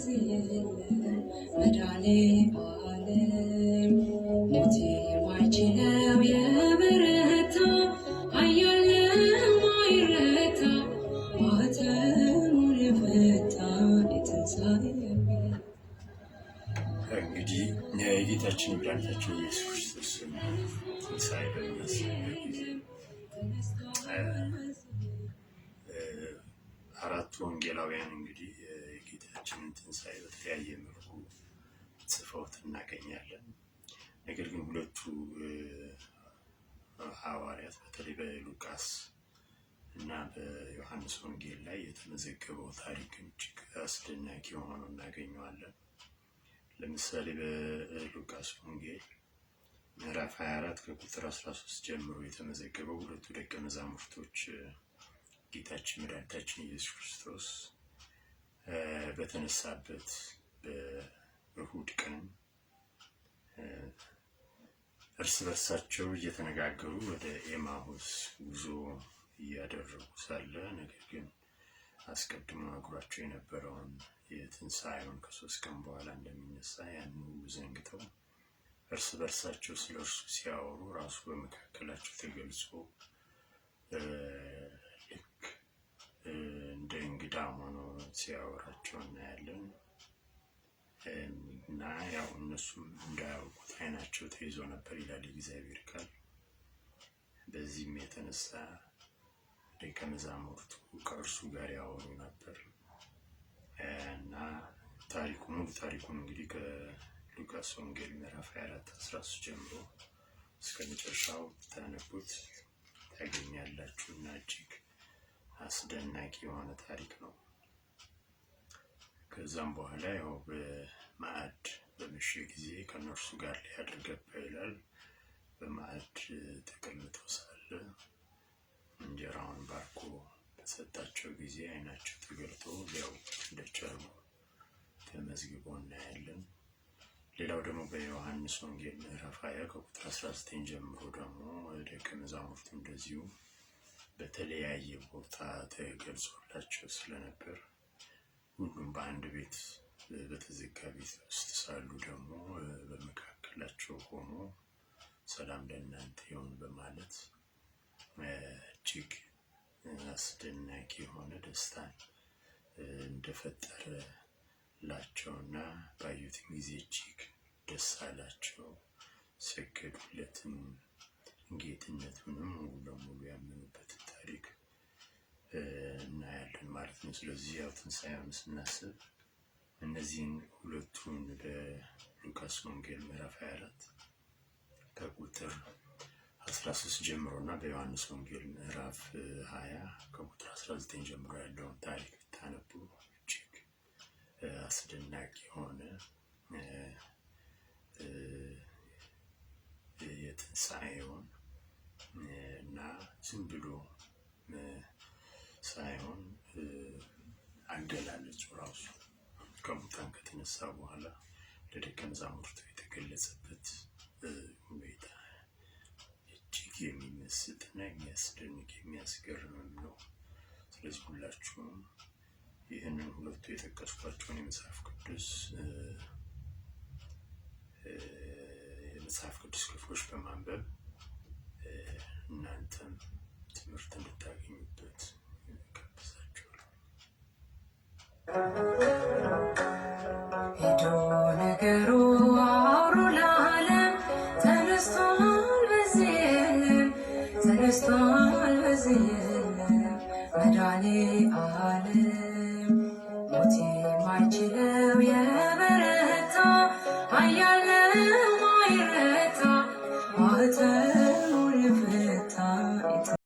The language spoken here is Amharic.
መድኃኔ ዓለም ነፍሴ የማይችለው እንግዲህ የጌታችን መድኃኒታችን ኢየሱስ ክርስቶስ ትንሣኤ በሚያስበት አራቱ ወንጌላውያን እንግዲህ የጌታችንን ትንሣኤ በተለያየ መልኩ ጽፈውት እናገኛለን። ነገር ግን ሁለቱ ሐዋርያት በተለይ በሉቃስ እና በዮሐንስ ወንጌል ላይ የተመዘገበው ታሪክ እጅግ አስደናቂ ሆኖ እናገኘዋለን። ለምሳሌ በሉቃስ ወንጌል ምዕራፍ 24 ከቁጥር 13 ጀምሮ የተመዘገበው ሁለቱ ደቀ መዛሙርቶች ጌታችን መድኃኒታችን ኢየሱስ ክርስቶስ በተነሳበት በእሁድ ቀን እርስ በርሳቸው እየተነጋገሩ ወደ ኤማሁስ ጉዞ እያደረጉ ሳለ ነገር ግን አስቀድሞ አጉራቸው የነበረውን የትንሣኤውን ከሶስት ቀን በኋላ እንደሚነሳ ያን ሁሉ ዘንግተው እርስ በርሳቸው ስለ እርሱ ሲያወሩ ራሱ በመካከላቸው ተገልጾ ልክ እንደ እንግዳ ሆኖ ሲያወራቸው እናያለን። እና ያው እነሱም እንዳያውቁት አይናቸው ተይዞ ነበር ይላል እግዚአብሔር ቃል። በዚህም የተነሳ ደቀ መዛሙርቱ ከእርሱ ጋር ያወሩ ነበር እና ታሪኩ ሙሉ ታሪኩን እንግዲህ ከሉቃስ ወንጌል ምዕራፍ 24 13 ጀምሮ እስከ መጨረሻው ታነቡት ታገኛላችሁ እና እጅግ አስደናቂ የሆነ ታሪክ ነው። ከዛም በኋላ ያው በማዕድ በመሸ ጊዜ ከእነርሱ ጋር ሊያድር ገባ ይላል። በማዕድ ተቀምጠው ሳለ እንጀራውን ባርኮ በሰጣቸው ጊዜ ዓይናቸው ተገልጦ ሊያውቁ እንደቻሉ ተመዝግቦ እናያለን። ሌላው ደግሞ በዮሐንስ ወንጌል ምዕራፍ 20 ከቁጥር 19 ጀምሮ ደግሞ ደቀ መዛሙርቱ እንደዚሁ በተለያየ ቦታ ተገልጾላቸው ስለነበር ሁሉም በአንድ ቤት በተዘጋ ቤት ውስጥ ሳሉ ደግሞ በመካከላቸው ሆኖ ሰላም ለእናንተ ይሁን በማለት እጅግ አስደናቂ የሆነ ደስታን እንደፈጠረላቸውና ባዩትም ጊዜ እጅግ ደስ አላቸው። ሰገዱለትም ጌትነቱንም ነው። ስለዚህ ያው ትንሣኤውን ስናስብ እነዚህን ሁለቱን በሉካስ ወንጌል ምዕራፍ 24 ከቁጥር 13 ጀምሮ እና በዮሐንስ ወንጌል ምዕራፍ 20 ከቁጥር 19 ጀምሮ ያለውን ታሪክ ብታነቡ እጅግ አስደናቂ የሆነ የትንሣኤውን እና ዝም ብሎ ሳይሆን አገላለጹ ራሱ ከሙታን ከተነሳ በኋላ ለደቀ መዛሙርቱ የተገለጸበት ሁኔታ እጅግ የሚመስጥና የሚያስደንቅ የሚያስገርምም ነው። ስለዚህ ሁላችሁም ይህንን ሁለቱ የጠቀስኳቸውን የመጽሐፍ ቅዱስ የመጽሐፍ ቅዱስ ክፍሎች በማ ሄዶ ነገሩ አውሩ ለዓለም ተነስቷል በዚህ የለም ተነስቷል በዚህ የለም መድኃኔ ዓለም ሞት የማይችለው